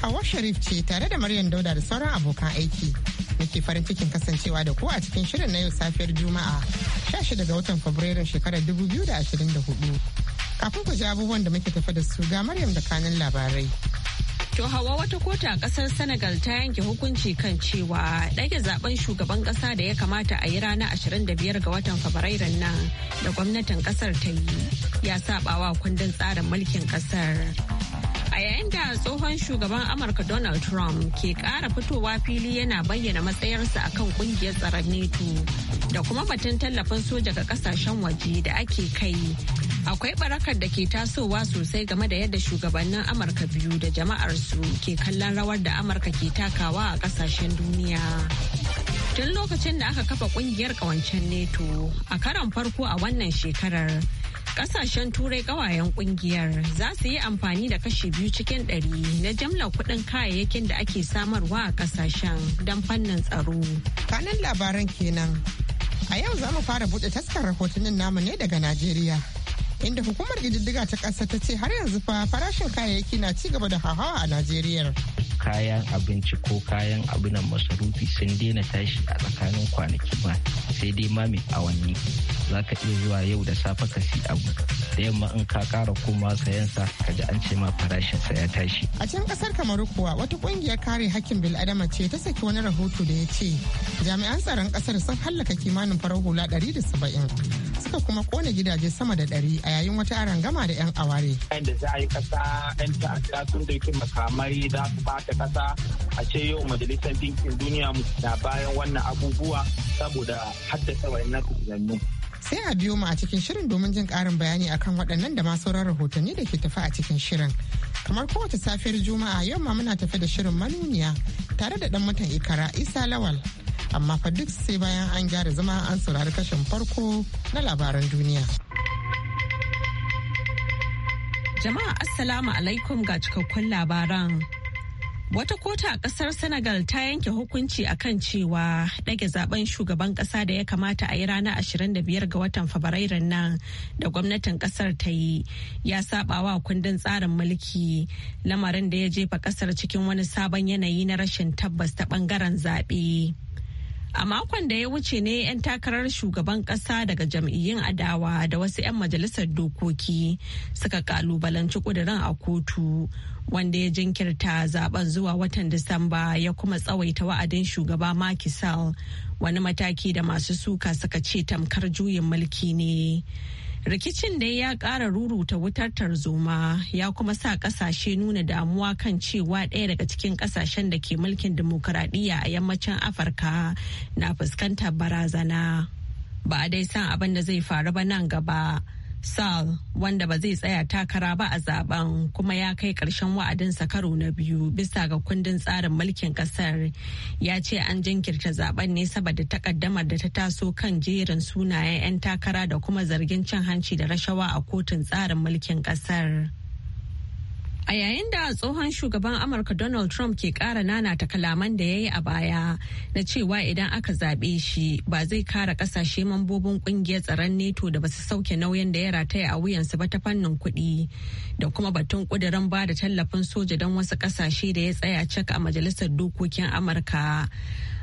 Hawa Sharif ce tare da Maryam Dauda da sauran abokan aiki. Nake farin cikin kasancewa da ku a cikin shirin na yau safiyar Juma'a 16 ga watan Fabrairun shekarar 2024. Kafin ku ji abubuwan da muke tafi da su ga Maryam da kanin labarai. To hawa wata kota a kasar Senegal ta yanke hukunci kan cewa ɗage zaben shugaban ƙasa da ya kamata a yi ranar 25 ga watan Fabrairun nan da gwamnatin ƙasar ta yi ya saɓawa kundin tsarin mulkin ƙasar. a yayin da tsohon shugaban Amurka Donald Trump ke ƙara fitowa fili yana bayyana matsayarsa akan kungiyar tsaron NATO da kuma batun tallafin soja ga kasashen waje da ake kai. Akwai barakar da ke tasowa sosai game da yadda shugabannin Amurka biyu da jama'ar su ke kallon rawar da Amurka ke takawa a kasashen duniya. Tun lokacin da aka kafa kungiyar kawancen NATO a karon farko a wannan shekarar. Kasashen turai kawayen kungiyar za su yi amfani da kashi biyu cikin ɗari na jamlar kuɗin kayayyakin da ake samarwa a kasashen don fannin tsaro. Kanan labaran kenan. A yau za mu fara buɗe taskar rahotannin namu ne daga Najeriya. inda hukumar gididdiga ta ƙasa ta ce har yanzu fa farashin kayayyaki na ci gaba da hawa a najeriya kayan abinci ko kayan abin masarufi sun daina tashi a tsakanin kwanaki ba sai dai ma mai awanni za ka iya zuwa yau da safe ka si abu da yamma in ka kara koma sa ka ji an ce ma farashin sa ya tashi a can ƙasar kamaru kuwa wata ƙungiyar kare hakkin bil'adama ce ta saki wani rahoto da ya ce jami'an tsaron ƙasar sun hallaka kimanin farar hula ɗari da saba'in. suka kuma kone gidaje sama da ɗari a yayin wata arangama da 'yan aware. da za a yi kasa 'yan ta'adda sun yake makamai za su bata kasa a ce yau majalisar dinkin duniya na bayan wannan abubuwa saboda haddasa na kusurannun. sai a biyo mu a cikin shirin domin jin karin bayani akan waɗannan da ma sauran rahotanni da ke tafi a cikin shirin kamar kowace safiyar juma'a yau ma muna tafi da shirin manuniya tare da dan mutan ikara isa lawal amma fa duk sai bayan an gyara zama an saurari kashin farko na labaran duniya jama'a assalamu alaikum ga cikakkun labaran Wata kota a kasar Senegal ta yanke hukunci a kan cewa ɗage zaben shugaban ƙasa da ya kamata a yi ranar 25 ga watan Fabrairun nan da gwamnatin ƙasar ta yi ya wa kundin tsarin mulki lamarin da ya jefa ƙasar cikin wani sabon yanayi na rashin tabbas ta ɓangaren zaɓe. A makon da ya wuce ne 'yan takarar shugaban ƙasa daga jam'iyyun adawa da wasu 'yan majalisar dokoki suka kalubalanci ƙudirin a kotu. wanda ya jinkirta zaben zuwa watan Disamba ya kuma tsawaita wa'adin shugaba Macky wani mataki da masu suka suka ce tamkar juyin mulki ne. Rikicin dai ya ƙara ruruta wutar tarzoma ya kuma sa ƙasashe nuna damuwa kan cewa ɗaya daga cikin ƙasashen da ke mulkin dimokuraɗiyya a yammacin Afirka na fuskantar barazana. Ba a dai san abin da zai faru ba nan gaba. Sal wanda ba zai tsaya takara ba a zaben kuma ya kai ƙarshen wa'adinsa karo na biyu bisa ga kundin tsarin mulkin ƙasar ya ce an jinkirta zaben ne saboda takaddamar da ta taso kan jerin sunayen 'yan takara da kuma zargin cin hanci da rashawa a kotun tsarin mulkin ƙasar. A yayin da tsohon shugaban Amurka Donald Trump ke ƙara nanata kalaman da ya yi a baya na cewa idan aka zaɓe shi ba zai kare ƙasashe mambobin ƙungiyar tsaron NETO da ba su sauke nauyin da ya rataya a wuyansu ba ta fannin kuɗi da kuma batun ƙudurin ba da tallafin soja don wasu ƙasashe da ya tsaya cak a majalisar dokokin Amurka.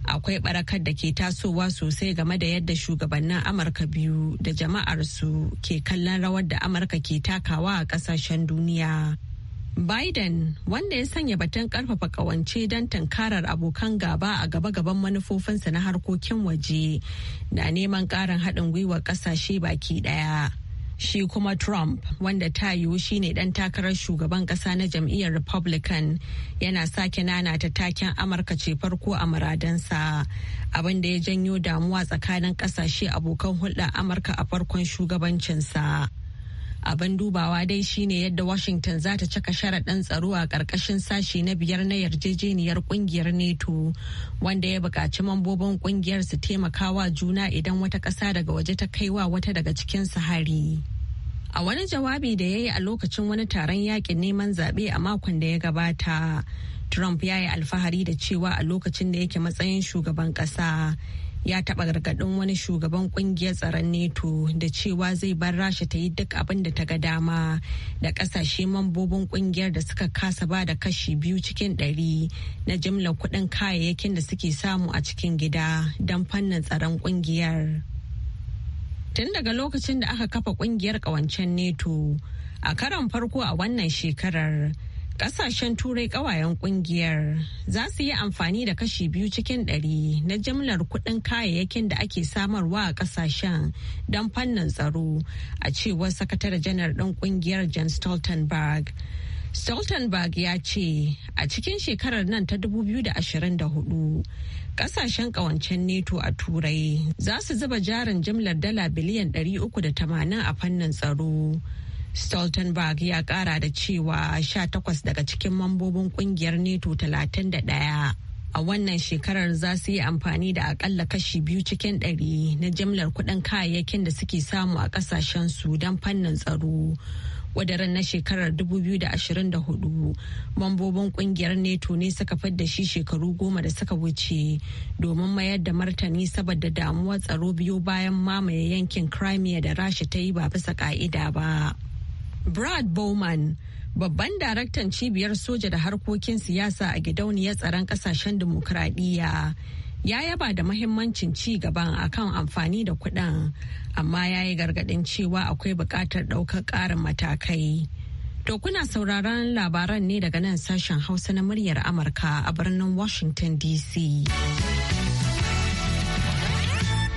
Akwai barakar da ke tasowa sosai game da yadda shugabannin Amurka biyu da jama'arsu ke kallon rawar da Amurka ke takawa a ƙasashen duniya. Biden wanda ya sanya batun karfafa kawance don tankarar abokan gaba a gaba-gaban manufofinsa na harkokin waje na neman karin haɗin gwiwar ƙasashe baki ɗaya. Shi kuma Trump wanda ta yiwu ne ɗan takarar shugaban ƙasa na jam'iyyar Republican yana sake nanata taken Amurka ce farko a muradansa abin da ya janyo damuwa tsakanin ƙasashe abokan hulɗar Amurka a farkon shugabancinsa. Abin dubawa dai shine yadda Washington za ta cika sharaɗin tsaro a ƙarƙashin sashi na biyar na yarjejeniyar ƙungiyar NETO, wanda ya buƙaci mambobin ƙungiyar su taimakawa juna idan wata ƙasa daga waje ta kaiwa wata daga cikin su hari. A wani jawabi da ya yi a lokacin wani taron yakin neman zaɓe a makon da ya gabata, Trump ya yi alfahari da cewa a lokacin da yake matsayin shugaban ƙasa. ya taɓa gargaɗin wani shugaban ƙungiyar tsaron neto da cewa zai bar rasha ta yi duk abin da ta ga dama da ƙasashe mambobin ƙungiyar da suka kasa ba da kashi biyu cikin ɗari na jimla kuɗin kayayyakin da suke samu a cikin gida don fannin tsaron ƙungiyar. Tun daga lokacin da aka kafa ƙungiyar ƙawancen neto a karon farko a wannan shekarar Ƙasashen turai ƙawayen ƙungiyar za su yi amfani da kashi biyu cikin ɗari na jimlar kuɗin kayayyakin da ake samarwa a ƙasashen don fannin tsaro a cewar sakatare janar ɗin ƙungiyar Jan Stoltenberg. Stoltenberg ya ce a cikin shekarar nan ta 2024 ƙasashen kawancen neto a turai za su zuba jarin jimlar dala biliyan 380 a fannin tsaro. Stoltenberg ya kara da cewa 18 daga cikin mambobin kungiyar NATO 31 a wannan shekarar za su yi amfani da akalla kashi biyu cikin ɗari na jimlar kuɗin kayayyakin da suke samu a ƙasashensu don fannin tsaro. Wadaran na shekarar 2024 mambobin kungiyar neto ne suka fidda shi shekaru goma da suka wuce domin mayar da martani saboda damuwar tsaro biyu bayan mamaye yankin Crimea da Rasha ta yi ba bisa ka'ida ba. Brad Bowman, babban daraktan cibiyar soja da harkokin siyasa a gidauniyar tsaron kasashen dimokuraɗiyya. ya yaba da mahimmancin ci gaban akan amfani da kuɗin amma ya yi gargaɗin cewa akwai buƙatar ɗaukar ƙarin matakai. To kuna sauraron labaran ne daga nan sashen Hausa na muryar Amurka a birnin Washington DC.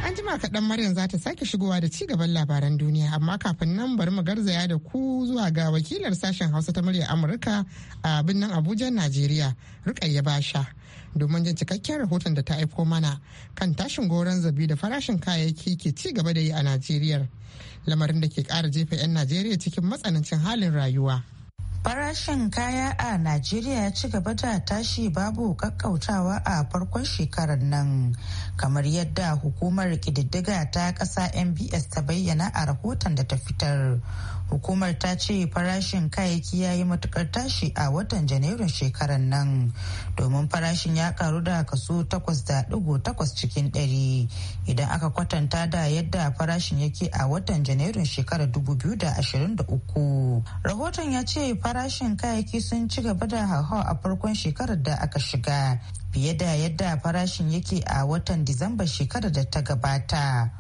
an jima kaɗan Maryam za ta sake shigowa da ci gaban labaran duniya amma kafin nan bari mu garzaya da ku zuwa ga wakilar sashen Hausa ta murya Amurka a birnin Abuja, Najeriya, Rukayya Basha. Domin jin cikakken rahoton da ta aiko mana kan tashin goron zabi da farashin kayayyaki ke ci gaba da yi a Najeriya. Lamarin da ke kara jefa 'yan Najeriya cikin matsanancin halin rayuwa. Farashin kaya a Najeriya ya ci gaba da tashi babu kakkautawa a farkon shekarar nan, kamar yadda hukumar kididdiga ta ƙasa MBS ta bayyana a rahoton da ta fitar. Hukumar ta ce farashin kayayyaki ya yi matukar tashi a watan Janairun shekarar nan, domin farashin ya karu da kaso takwas cikin ɗari idan aka kwatanta da yadda farashin yake a watan Janairun shekarar 2023. Rahoton ya ce farashin farashin kayayyaki sun ci gaba da hauhawa a farkon shekarar da aka shiga fiye da yadda farashin yake a watan Disamba shekarar da ta gabata.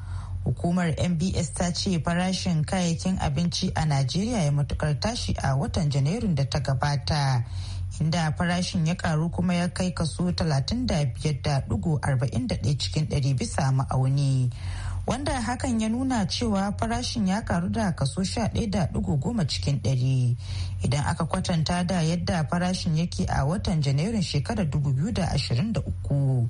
Hukumar MBS ta ce farashin kayayyakin abinci a Najeriya ya matukar tashi a watan Janairun da ta gabata. inda farashin ya karu kuma ya kai kaso 35.41 cikin 100 bisa ma'auni. wanda hakan ya nuna cewa farashin ya karu da kaso 11.10 cikin ɗari idan aka kwatanta da yadda farashin yake a watan janairun shekarar 2023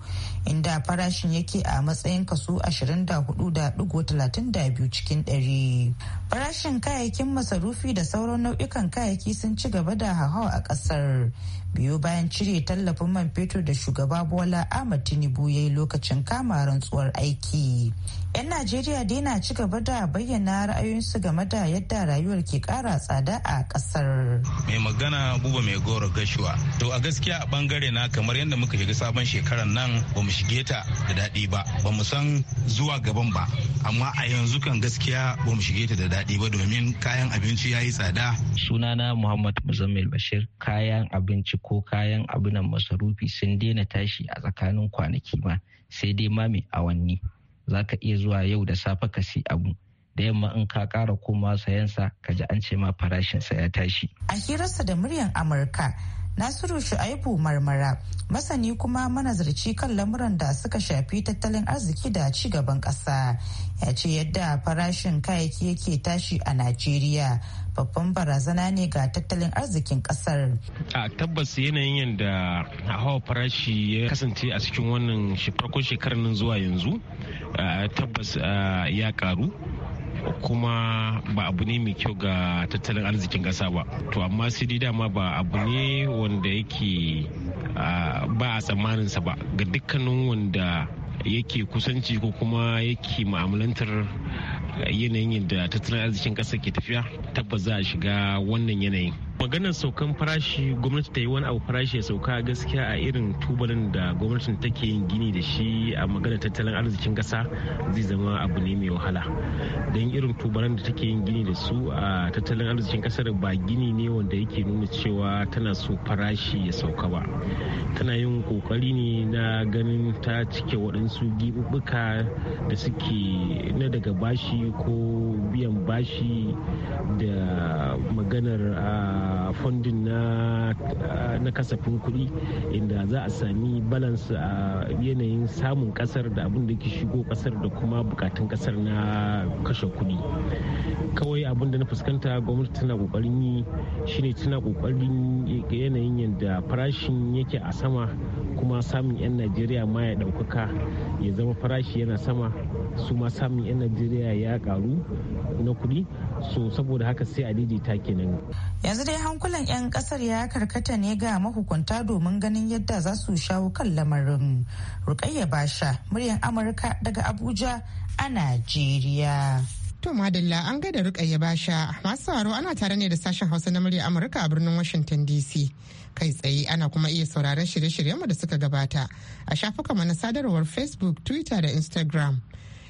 inda farashin yake a matsayin kaso 24.32 cikin ɗari farashin kayayyakin masarufi da sauran nau'ikan kayayyaki sun ci gaba da hauhawa a ƙasar Biyo bayan cire tallafin man fetur da shugaba bola ahmad tinubu ya yi lokacin kama rantsuwar aiki yan najeriya dai na ci gaba da bayyana ra'ayoyinsu game da yadda rayuwar ke kara tsada a kasar mai magana buba mai goro gashuwa to a gaskiya a bangare na kamar yadda muka shiga sabon shekaran nan ba mu shige ta da daɗi ba ba mu san zuwa gaban ba amma a yanzu kan gaskiya ba mu shige ta da daɗi ba domin kayan abinci ya yi tsada sunana muhammad muzammil bashir kayan abinci ko kayan abunan masarufi sun daina tashi a tsakanin kwanaki ma sai dai ma mai awanni za ka iya zuwa yau da safe ka si abu da yamma in ka kara komawa sayansa ka ji an ce ma farashinsa ya tashi. A hirarsa da muryar Amurka Nasiru Shu'aibu Marmara masani kuma manazarci kan lamuran da suka shafi tattalin arziki da ci gaban ƙasa ya ce yadda farashin kayayyaki yake tashi a Najeriya babban barazana ne ga tattalin arzikin kasar. A tabbas yanayin yadda hawa farashi ya kasance a cikin wannan farkon shekarar nan zuwa yanzu tabbas ya karu kuma ba abu ne mai kyau ga tattalin arzikin kasa ba to amma sai dai dama ba abu ne wanda yake ba a tsammaninsa ba ga dukkanin wanda yake kusanci ko kuma yake ma'amalantar yanayin da tattalin arzikin ƙasar ke tafiya tabbas za a shiga wannan yanayin maganar saukan farashi gwamnati ta yi wani abu farashi ya sauka gaskiya a irin tubalin da gwamnatin take yin gini da shi a maganar tattalin arzikin ƙasa zai zama abu ne mai wahala don irin tubalin da take yin gini da su a tattalin arzikin ƙasar ba gini ne wanda yake nuna cewa tana so farashi ya sauka ba tana yin kokari ne na ganin ta cike waɗansu gibubbuka da suke na daga bashi ko biyan bashi da maganar ah, fundin ah, na kasafin kuɗi inda za a sami balance a yanayin samun kasar da abin da ke shigo kasar da kuma bukatun kasar na kashe kuɗi kawai abin da na fuskanta gwamnati tana kokarin yi shine tana kokarin yanayin yadda farashin yake a sama kuma samun 'yan najeriya ma ya ɗaukaka ya zama farashi yana sama su ma samun 'yan najeriya ya ya karu na kudi so saboda haka sai a daidaita kenan yanzu dai hankulan 'yan kasar ya karkata ne ga mahukunta domin ganin yadda za su shawo kan lamarin rukayya basha muryar amurka daga abuja a najeriya To Madalla an gaida rukayya basha masu sauraro ana tare ne da sashen Hausa na murya Amurka a birnin Washington DC. Kai tsaye ana kuma iya sauraron shirye shiryen mu da suka gabata a shafukanmu na sadarwar Facebook, Twitter da Instagram.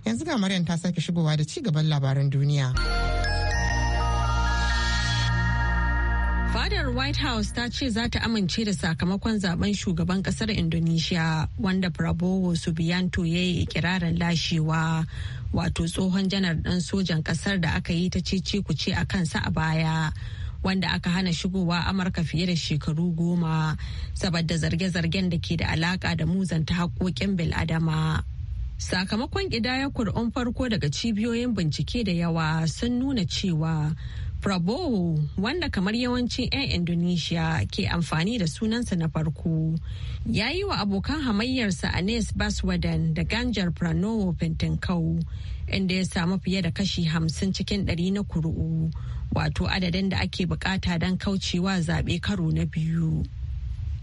yanzu ga Maryam ta sake shigowa da ci gaban labaran duniya. Fadar White House ta ce za ta amince da sakamakon zaben shugaban kasar Indonesia wanda Prabowo Subianto ya yi ikirarin lashewa wato tsohon janar ɗan sojan kasar da aka yi ta cece ce a kansa a baya. wanda aka hana shigowa amurka fiye da shekaru goma saboda zarge-zargen da ke da alaka da muzanta haƙoƙin bil'adama Sakamakon ƙidaya kur'un farko daga cibiyoyin bincike da yawa sun nuna cewa Prabo wanda kamar yawancin 'yan Indonesia ke amfani da sunansa na farko ya yi wa abokan hamayyarsa Anes Baswedan da Ganjar Pranowo kau, inda ya samu fiye da kashi hamsin cikin ɗari na kuru'u wato adadin da ake bukata don kaucewa zaɓe karo na biyu.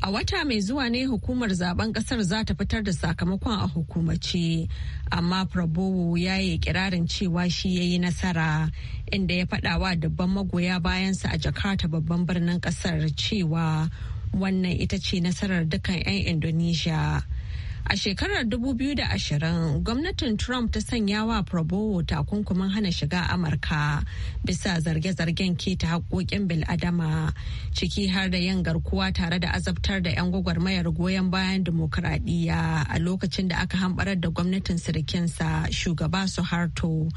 A wata mai zuwa ne hukumar zaben kasar za ta fitar da sakamakon a hukumace, amma Prabowo ya yi kirarin cewa shi ya yi nasara, inda ya faɗawa dubban magoya bayansa a Jakarta babban birnin kasar cewa wannan ita ce nasarar dukan 'yan Indonesia. A shekarar 2020 gwamnatin Trump ta sanya wa Prabowo takunkumin hana shiga Amurka bisa zarge-zargen ke keta haƙoƙin bil'adama ciki har da yin garkuwa tare da azabtar da 'yan gwagwarmayar goyon bayan demokuraɗiyya a lokacin da aka hambarar da gwamnatin sirikinsa shugaba su harto,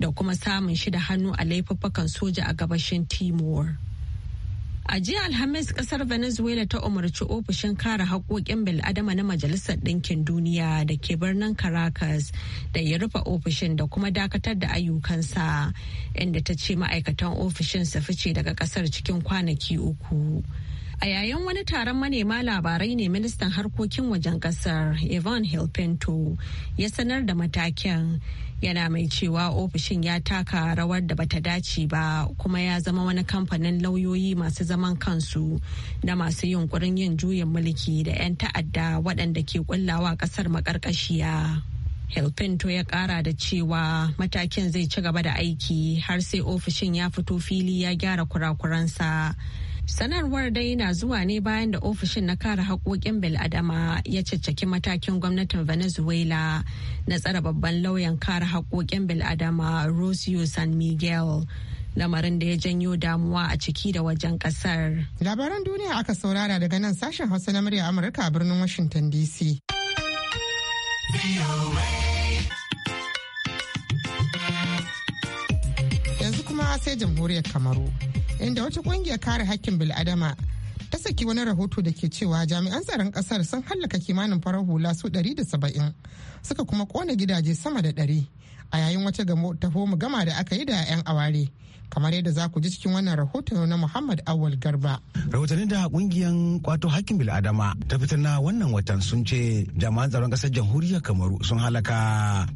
da kuma samun shi da hannu a laifuffukan soja a gabashin Timor. A jiya Alhamis kasar Venezuela ta umarci ofishin kare haƙoƙin bil'adama na Majalisar Ɗinkin Duniya da ke birnin Caracas da ya rufe ofishin da kuma dakatar da ayyukansa inda ta ce ma'aikatan ofishin su fice daga ƙasar cikin kwanaki uku. A yayin wani taron manema labarai ne ministan harkokin wajen ƙasar, Ivan Hilpinto ya sanar da matakin yana mai cewa ofishin ya taka rawar da bata dace ba kuma ya zama wani kamfanin lauyoyi masu zaman kansu na masu yunkurin yin juyin mulki da 'yan ta'adda waɗanda ke kullawa ƙasar maƙarƙashiya. Helpinto ya ƙara da cewa matakin zai ci gaba da aiki har sai ofishin ya fito fili ya gyara kurakuransa. Sanarwar dai na zuwa ne bayan da ofishin na kare haƙoƙin adama ya caccaki matakin gwamnatin Venezuela na tsara babban lauyan kare haƙoƙin adama, Rosio San Miguel. lamarin da ya janyo damuwa a ciki da wajen kasar. Labaran duniya aka saurara daga nan sashen Hausa na murya Amurka a birnin Washington DC. Yanzu kuma sai jamhuriyar Kamaru. inda wata kungiyar kare hakkin bil'adama ta saki wani rahoto da ke cewa jami'an tsaron kasar sun hallaka kimanin farar hula su 170 suka kuma kona gidaje sama da a yayin wata taho gama da aka yi da 'yan aware. kamar yadda za ku ji cikin wannan rahoton na Muhammad Awal Garba. Rahotanni da kungiyan kwato hakkin bil'adama ta fitar na wannan watan sun ce jama'an tsaron kasar jamhuriyar Kamaru sun halaka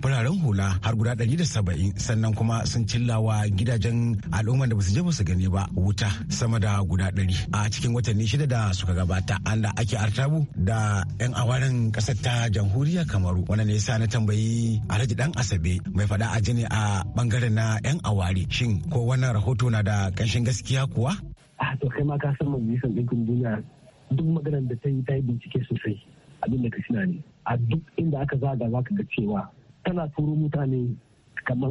fararen hula har guda ɗari da saba'in sannan kuma sun cillawa gidajen al'umma da basu je basu gani ba wuta sama da guda ɗari a cikin watanni shida da suka gabata an da ake artabu da 'yan awaren kasar ta jamhuriyar Kamaru wannan ne sa na tambayi Alhaji Dan Asabe mai faɗa a jini a bangaren na 'yan awari shin ko wannan rahoto na da ƙanshin gaskiya kuwa? a to kai ma ka san san ɗinkin duniya duk maganar da ta yi ta yi bincike sosai abin da ka shina ne a duk inda aka zaga za ka ga cewa tana turo mutane kamar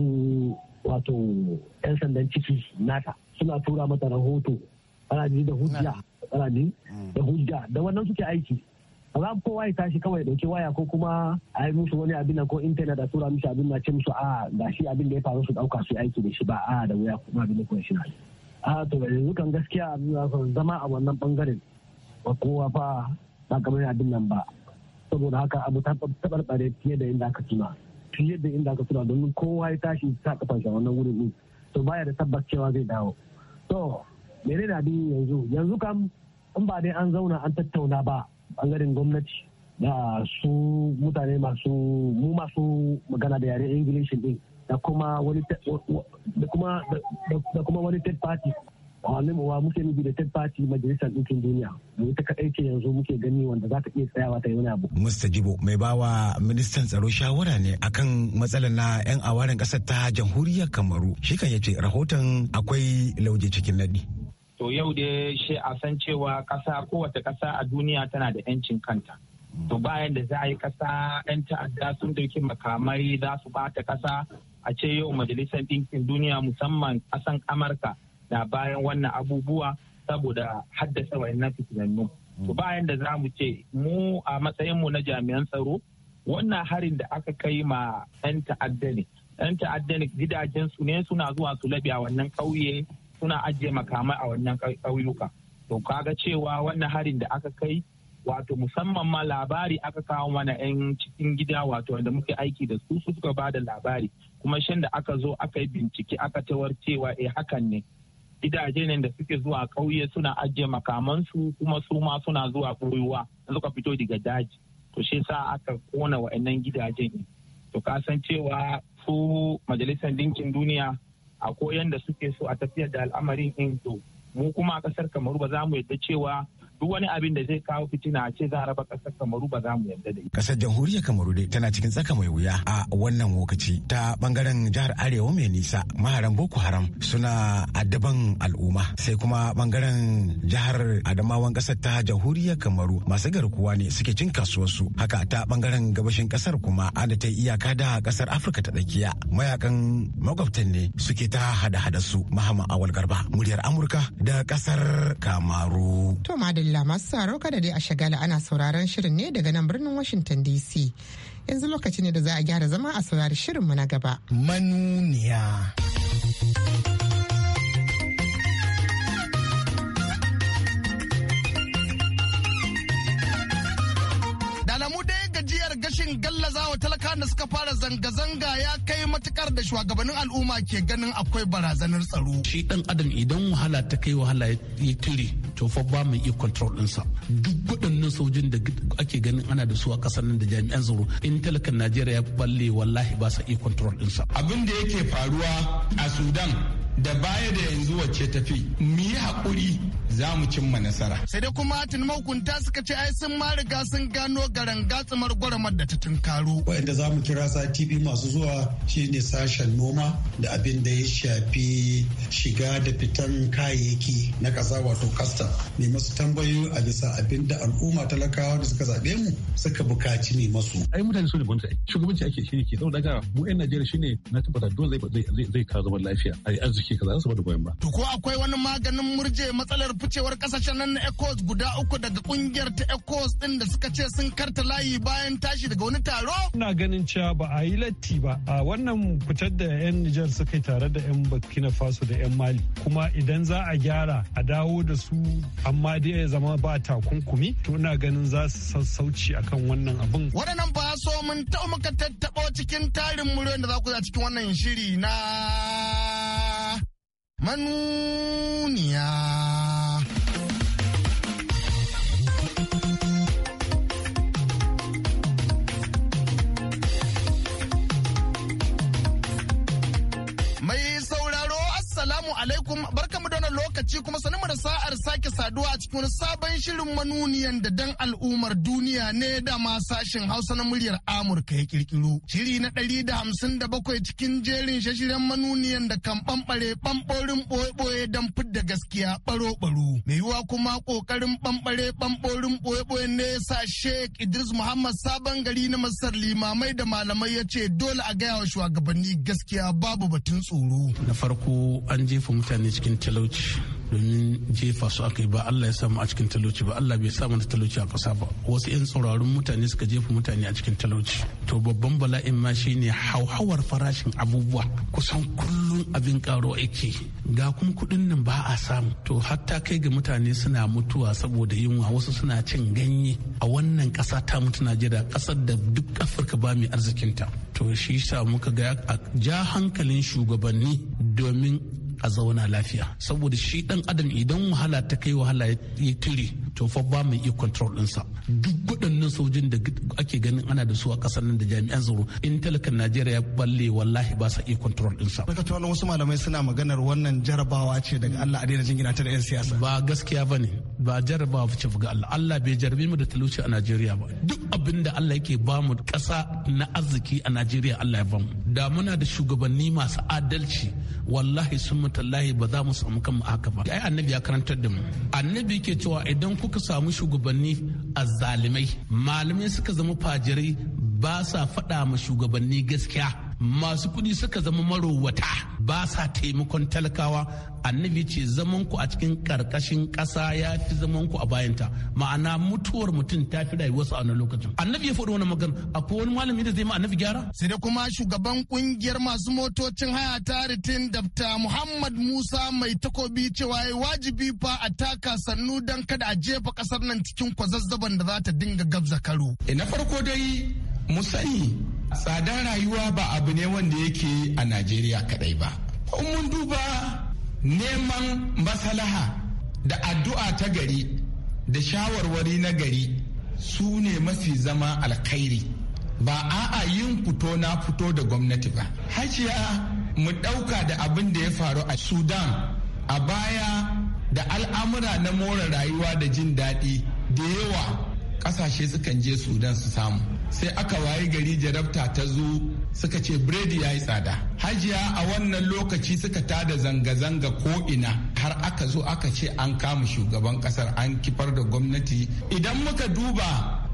wato 'yan sandan ciki nata suna tura mata rahoto ana ji da hujja ana ji mm. da hujja da wannan suke aiki ba za kowa ya tashi kawai dauki waya ko kuma a yi musu wani abin ko intanet a tura musu abin na ce musu a ga shi abin da ya faru su dauka su aiki da shi ba a da wuya kuma abin da kuma shi na a to yanzu kan gaskiya abin da zama a wannan bangaren ba kowa fa ba kamar abin nan ba saboda haka abu ta tabarbare fiye da inda aka tuna fiye da inda aka tuna domin kowa ya tashi ta kafan shi wannan wurin din to baya da tabbas cewa zai dawo to menene abin yanzu yanzu kam in ba dai an zauna an tattauna ba bangaren gwamnati da su mutane masu mu masu magana da yare english din da kuma wani da kuma kuma third muke nufi da third party majalisar ɗinkin duniya da ita kaɗai ce yanzu muke gani wanda za ta iya tsayawa ta yi wani abu. Musta Jibo mai bawa ministan tsaro shawara ne akan matsalar na 'yan awarin ƙasar ta jamhuriyar Kamaru shi kan yace rahoton akwai lauje cikin naɗi. to yau da shi a san cewa kasa kowace kasa a duniya tana da 'yancin kanta to bayan da za a yi kasa 'yan ta'adda sun dauki makamai za su bata kasa a ce yau majalisar ɗinkin duniya musamman kasan amurka na bayan wannan abubuwa saboda haddasa wayannan fitinannu to bayan da za mu ce mu a matsayinmu na jami'an tsaro wannan harin da aka kai ma 'yan ta'adda ne 'yan ta'adda ne su ne suna zuwa su labiya a wannan ƙauye suna ajiye makamai a wannan ƙauyuka to kaga cewa wannan harin da aka kai wato musamman ma labari aka kawo mana 'yan cikin gida wato wanda muke aiki da su su suka bada labari kuma shan da aka zo aka yi bincike aka tawar cewa eh hakan ne gidaje ne da suke zuwa ƙauye suna ajiye makamansu kuma su ma suna zuwa ɓoyuwa suka fito daga daji to shi sa aka kona wa'annan gidaje ne to ka san cewa su majalisar dinkin duniya a koyan da suke so a tafiyar da al'amarin in to mu kuma a kasar kamaru ba za mu yadda cewa duk wani abin da zai kawo fitina ce za a raba ƙasar kamaru ba za mu yarda da ƙasar jamhuriyar kamaru dai tana cikin tsaka mai wuya a wannan lokaci ta bangaren jihar arewa mai nisa maharan boko haram suna addaban al'umma sai kuma bangaren jihar adamawan ƙasar ta jamhuriyar kamaru masu garkuwa ne suke cin kasuwarsu haka ta bangaren gabashin ƙasar kuma ana ta iyaka da ƙasar afirka ta tsakiya mayakan makwabtan ne suke ta hada-hada su mahama awal garba muryar amurka da ƙasar kamaru to madalla masu saro kada dai a shagala ana sauraron shirin ne daga nan birnin Washington DC. Yanzu lokaci ne da za a gyara zama a saurari shirin mu na gaba. Manuniya. waɗanda suka fara zanga-zanga ya kai matukar da shugabannin al'umma ke ganin akwai barazanar tsaro. Shi ɗan adam idan wahala ta kai wahala ya ture to fa ba mu iya control ɗinsa. Duk waɗannan sojin da ake ganin ana da su a ƙasar nan da jami'an tsaro in talakan Najeriya ya balle wallahi ba sa iya control ɗinsa. Abin da yake faruwa a Sudan da baya da yanzu wacce tafi mu yi haƙuri za mu cimma nasara. Sai dai kuma tun mahukunta suka ce ai sun ma riga sun gano garan gatsumar gwaramar da ta tunkaro. Wa'inda za mu kira sa TV masu zuwa shine sashen noma da abin da ya shafi shiga da fitan kayayyaki na ƙasa wato kasta. Ne masu tambayo a bisa abin da al'umma talakawa da suka zaɓe mu suka bukaci ne masu. Ai mutane su ne gwamnati shugabanci ake shi ne ke saboda daga mu 'yan Najeriya ne na tabbata dole zai zai kawo zaman lafiya a arziki. ce kaza su bada goyon ba. To ko akwai wani maganin murje matsalar ficewar kasashen nan na ECOWAS guda uku daga kungiyar ta ECOWAS din da suka ce sun karta layi bayan tashi daga wani taro? Ina ganin cewa ba a yi latti ba. A wannan fitar da 'yan Nijar suka yi tare da 'yan Burkina Faso da 'yan Mali. Kuma idan za a gyara a dawo da su amma dai ya zama ba takunkumi to ina ganin za su sassauci akan wannan abin. Waɗannan ba so mun taɓa muka cikin tarin muryoyin da za ku za cikin wannan shiri na manuniya. saduwa a cikin sabon shirin manuniyan da dan al'ummar duniya ne da ma Hausa na muryar Amurka ya kirkiro. Shiri na ɗari da hamsin da bakwai cikin jerin shashiren manuniyan da kan ɓamɓare ɓamɓorin ɓoye-ɓoye don fidda gaskiya ɓaro-ɓaro. Mai yiwuwa kuma ƙoƙarin ɓamɓare ɓamɓorin ɓoye-ɓoye ne ya sa Sheikh Idris Muhammad Sabon Gari na Masar limamai da malamai ya ce dole a gaya wa shugabanni gaskiya babu batun tsoro. Na farko an jefa mutane cikin talauci domin jefa su aka yi ba Allah ya samu a cikin talauci ba Allah bai samu talauci a kasa ba wasu 'yan tsauraran mutane suka jefa mutane a cikin talauci to babban bala'in ma shine hauhawar farashin abubuwa kusan kullum abin karo ake ga kuma kuɗin nan ba a samu to hatta kai ga mutane suna mutuwa saboda yunwa wasu suna cin ganye a wannan ƙasa ta mutu Najeriya ƙasar da duk Afirka ba mai arzikinta to shi sa muka ga ja hankalin shugabanni domin a zauna lafiya saboda shi dan adam idan wahala ta kai wahala ya ture to fa ba mu iya control ɗinsa duk waɗannan sojin da ake ganin ana da su a ƙasar nan da jami'an tsaro in talakan najeriya ya balle wallahi ba sa iya control ɗinsa. daga tuwala wasu malamai suna maganar wannan jarabawa ce daga allah a daina jingina ta da 'yan siyasa. ba gaskiya ba ba jarabawa ce ga allah allah bai jarabe mu da talauci a najeriya ba duk abin da allah yake ba mu ƙasa na arziki a najeriya allah ya ba mu da muna da shugabanni masu adalci wallahi sun mutallahi ba za mu samu kanmu haka ba ai annabi ya karantar da mu annabi ke cewa idan ku kuka samu shugabanni a zalimai malamai suka zama fajirai ba sa faɗa ma shugabanni gaskiya masu kuɗi suka zama marowata ba sa taimakon talakawa annabi ce zaman ku a cikin karkashin ƙasa ya fi zaman ku a bayanta ma'ana mutuwar mutum ta fi wasu a wani lokacin annabi ya faɗi wani magana akwai wani malami da zai ma annabi gyara sai dai kuma shugaban kungiyar masu motocin haya ta ritin dabta, muhammad musa mai takobi cewa ya wajibi fa a taka sannu don kada a jefa ƙasar nan cikin kwazazzaban da za ta dinga gabza karo eh, na farko dai mu sani tsadar rayuwa ba abu ne wanda yake a najeriya kadai ba in mun duba neman masalaha da addu'a ta gari da shawarwari na gari su ne mafi zama alkhairi ba a'a yin fito na fito da gwamnati ba hajiya mu ɗauka da abin da ya faru a sudan a baya da al'amura na more rayuwa da jin daɗi da yawa kasashe sukan je sudan su samu sai aka wayi gari jarabta ta zo suka ce biredi ya yi tsada hajiya a wannan lokaci suka tada zanga-zanga ko ina har aka zo aka ce an kama shugaban kasar an kifar da gwamnati idan muka duba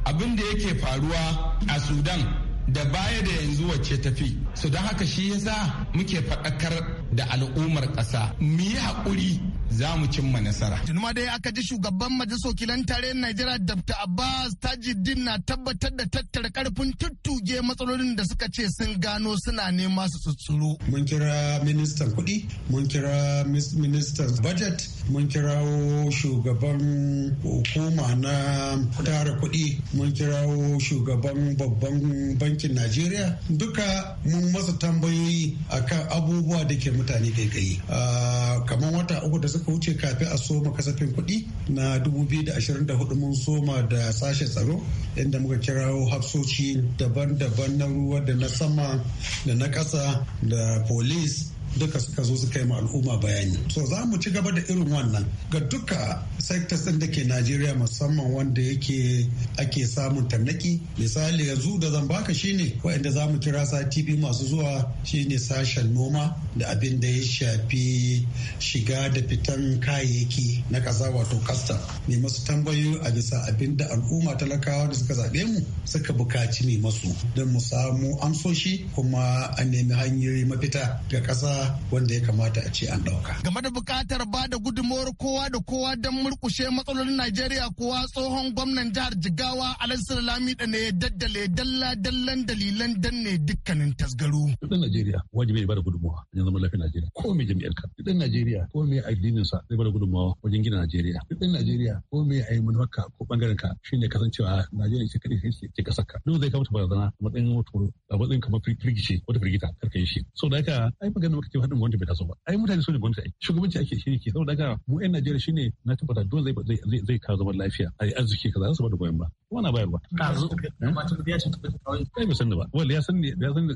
abin da yake faruwa a sudan da baya da yanzu wacce tafi su don haka shi yasa muke faɗakar da al'ummar ƙasa mu yi haƙuri za mu cimma nasara. Tunuma dai aka ji shugaban majalisar wakilan tarayyar Najeriya Dr. Abbas Tajuddin na tabbatar da tattara karfin tuttuge matsalolin da suka ce sun gano suna nema su tsutsuro. Mun kira ministan kuɗi, mun kira ministan budget, mun kirawo shugaban hukuma na tara kuɗi, mun kirawo shugaban babban bankin Najeriya. Duka mun masa tambayoyi akan abubuwa da ke mutane a kamar wata uku da suka wuce kafin a soma kasafin kuɗi na 2024 mun soma da sashen tsaro inda muka kirawo hafsoci daban-daban na ruwa da na sama da na ƙasa da police duka suka zo suka yi al'umma bayani so za mu ci gaba da irin wannan ga duka sectors ɗin da ke najeriya musamman wanda yake ake samun tarnaki misali yanzu da zan baka shine wa'anda za mu kira sati biyu masu zuwa shine sashen noma da abin da ya shafi shiga da fitan kayayyaki na ƙasa wato kasta ne masu tambayoyi a bisa abin da al'umma talakawa da suka zaɓe mu suka bukaci ne masu don mu samu amsoshi kuma a nemi hanyoyi mafita ga ƙasa wanda ya kamata a ce an ɗauka. Game da buƙatar ba da gudunmawar kowa da kowa don murkushe matsalolin Najeriya kuwa tsohon gwamnan jihar Jigawa Alhassan Lamida ne ya daddale dalla dallan dalilan danne dukkanin tasgaru. Dan Najeriya wajibi ya bada gudunmawa a zaman lafiyar Najeriya ko mai ka. Dan Najeriya ko mai addininsa zai bada gudunmawa wajen gina Najeriya. Dan Najeriya ko mai ayi manufarka ko bangaren ka shine kasancewa Najeriya ce kadai ce kasar ka. Duk zai kamata barazana matsayin wato a matsayin kamar firgice wata firgita karka yi shi. So da haka ai magana muka cikin haɗin wanda bai taso ba ai mutane su ne gwamnati ai shugabanci ake shi ke saboda ga mu yan Najeriya shine na tabbata dole zai zai kawo zaman lafiya ai arziki kaza su ba goyon ba wani bayarwa. Ɗazu, eh? amma tun ya ce tafi kawai. Kai bai ba, Wani ya sani ya sani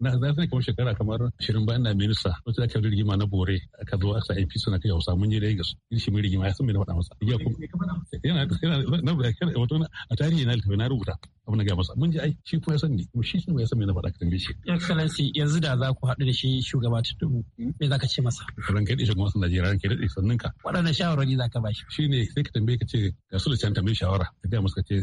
na ya sani kamar shekara kamar shirin bayan na minista wata da kyau rigima na bore aka zo aka AP suna kai hausa mun je da yagas shi mai rigima ya san mai na faɗa masa. Ya kuma yana na wato a tarihi na littafi na rubuta abu na gaya masa mun je ai shi kuma ya san kuma shi kuma ya san mai na faɗa ka tambaye shi. Excellency yanzu da za ku haɗu da shi shugaba Tinubu me za ka ce masa? Ran kai da shugaban sun Najeriya ran kai da sannan ka. Waɗannan shawarwari za ka ba shi. Shi ne sai ka tambaye ka ce ga su da can tambaye shawara ka gaya masa ka ce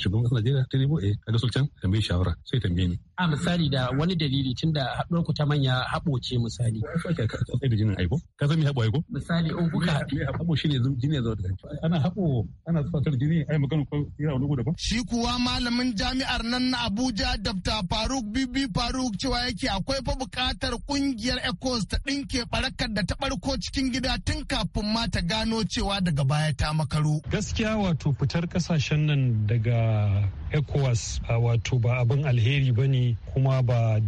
shugaban kasar Najeriya nemo eh kaga sulcan tambayi shawara sai tambaye ni a misali da wani dalili tunda haɗuwar ku ta manya haɓo ce misali kai da jinin aiko ka san haɓo aiko misali in kuka haɓo shine jini ya zama da ana haɓo ana fatar jini ai magana ko yana wani daban shi kuwa malamin jami'ar nan na Abuja Dr. Faruk Bibi Faruk cewa yake akwai fa buƙatar kungiyar ECOWAS ta ɗinke barakar da ta barko cikin gida tun kafin ma ta gano cewa daga baya ta makaru gaskiya wato fitar kasashen nan da daga ECOWAS wato ba abin alheri ba ne kuma ba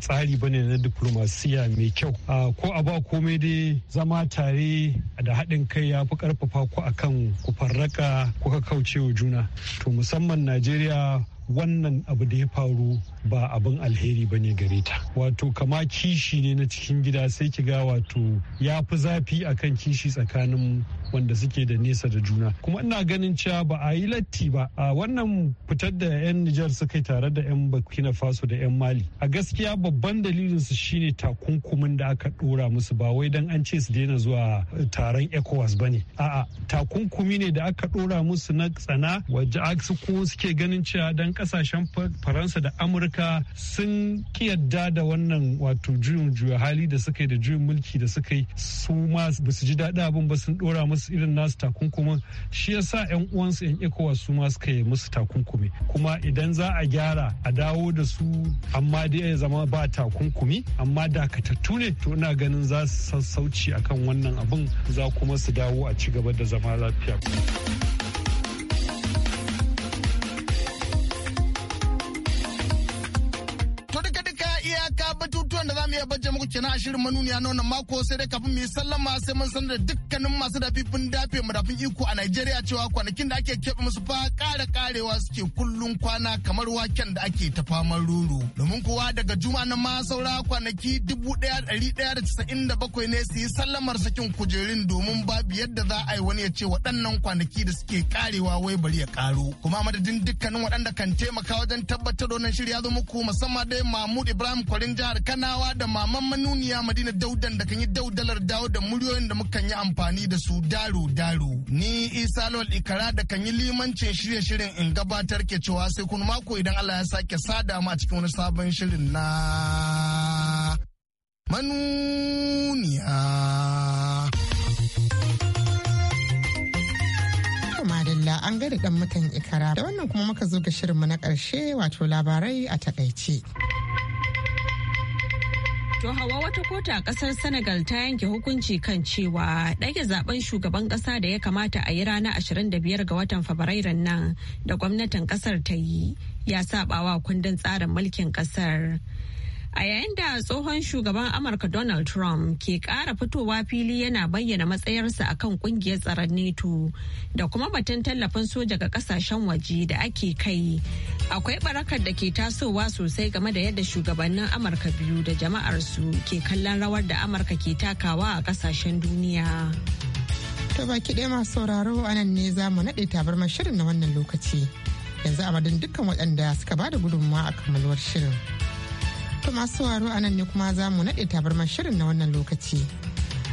tsari ba ne na diplomasiya mai kyau. Ko a ba komai dai zama tare da haɗin kai ya fi ƙarfafa ku akan ku farraka kuka kaucewa juna. To musamman Najeriya wannan abu da ya faru ba abin alheri ba ne gare ta wato kama kishi ne na cikin gida sai ki ga wato ya fi zafi a kan kishi tsakanin wanda suke da nesa da juna kuma ina ganin cewa ba a yi latti ba a wannan fitar da 'yan nijar suka yi tare da 'yan burkina faso da 'yan mali a gaskiya babban dalilin su shine takunkumin da aka dora musu ba wai dan an ce su daina zuwa taron ecowas ba ne a'a takunkumi ne da aka dora musu na tsana waje su suke ganin cewa dan kasashen faransa da amurka sun kiyarda da wannan wato juyin juya hali da suka yi da juyin mulki da suka yi su ma ba su ji daɗi abin ba sun ɗora musu irin nasu takunkumin shi yasa yan uwansu yan ecowas su ma suka yi musu takunkumi kuma idan za a gyara a dawo da su amma dai ya zama ba takunkumi amma dakatattu ne to ina ganin za su sassauci akan wannan abin za kuma su dawo a ci gaba da zama lafiya. iya baje muku kenan a shirin manuniya na wannan mako sai dai kafin mu yi sallama sai mun sanar da dukkanin masu dafifin dafe madafin iko a Najeriya cewa kwanakin da ake keɓe musu fa ƙara ƙarewa suke kullun kwana kamar waken da ake ta faman ruru. Domin kuwa daga juma na ma saura kwanaki dubu ɗaya ɗari ɗaya da casa'in bakwai ne su yi sallamar sakin kujerun domin babu yadda za a yi wani ya ce waɗannan kwanaki da suke ƙarewa wai bari ya ƙaru. Kuma madadin dukkanin waɗanda kan taimaka wajen tabbatar da wannan shirya zo muku musamman dai Mahmud Ibrahim Kwarin jihar Kanawa da maman manuniya madina daudan da kan yi daudalar dawo da muryoyin da mukan yi amfani da su daro daro ni isa lol ikara da kan yi limancin shirye shirin in gabatar ke cewa sai kun mako idan allah ya sake sada ma cikin wani sabon shirin na manuniya madalla an gada dan mutan ikara da wannan kuma muka zo ga shirinmu na karshe wato labarai a takaice. To hawa wata kota a kasar Senegal ta yanke hukunci kan cewa ɗage zaben shugaban ƙasa da ya kamata a yi ranar 25 ga watan Fabrairun nan da gwamnatin ƙasar ta yi ya sabawa kundin tsarin mulkin ƙasar. A yayin da tsohon shugaban Amurka Donald Trump ke ƙara fitowa fili yana bayyana matsayarsa akan kungiyar tsaron NATO da kuma batun tallafin soja ga kasashen waje da ake kai. Akwai barakar da ke tasowa sosai game da yadda shugabannin Amurka biyu da jama'arsu ke kallon rawar da Amurka ke takawa a kasashen duniya. To baki ɗaya masu sauraro a nan ne za mu naɗe tabarmar shirin na wannan lokaci. Yanzu a madadin dukkan waɗanda suka ba da gudunmawa a kammaluwar shirin. To masu waro a nan ne kuma za mu naɗe tabarmar shirin na wannan lokaci.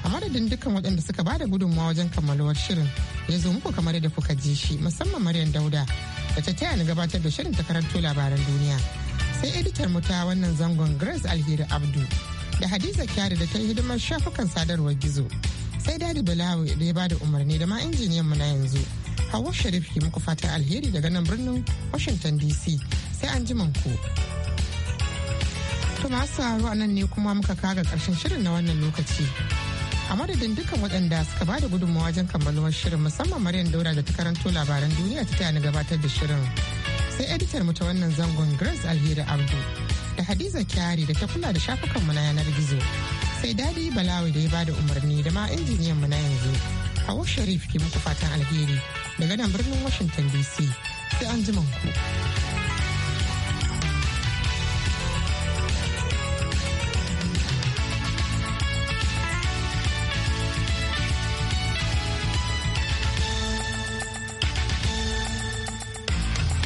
A madadin dukkan waɗanda suka ba da gudunmawa wajen kammaluwar shirin ya zo muku kamar yadda kuka ji shi musamman Maryam Dauda da ta taya ni gabatar da shirin ta labaran duniya. Sai editar mu ta wannan zangon Grace Alheri Abdu da Hadiza Kyari da ta yi hidimar shafukan sadarwar gizo. Sai Dadi Bilawe da ya ba da umarni da ma injiniyan mu na yanzu. Hawa Sharif ke muku fatan alheri daga nan birnin Washington DC. Sai an ji ku. To masu sauraro nan ne kuma muka kaga karshen shirin na wannan lokaci. A madadin dukkan waɗanda suka ba da gudunmawa wajen kammaluwar shirin musamman Maryam Daura da ta karanto labaran duniya ta tana gabatar da shirin. Sai editar mu ta wannan zangon Grace Alheri Abdu da Hadiza Kyari da ta kula da shafukanmu na yanar gizo. Sai Dadi Balawi da ya ba da umarni da ma injiniyan mu na yanzu. Hawa Sharif ke muku fatan alheri daga nan birnin Washington DC. Sai an ku.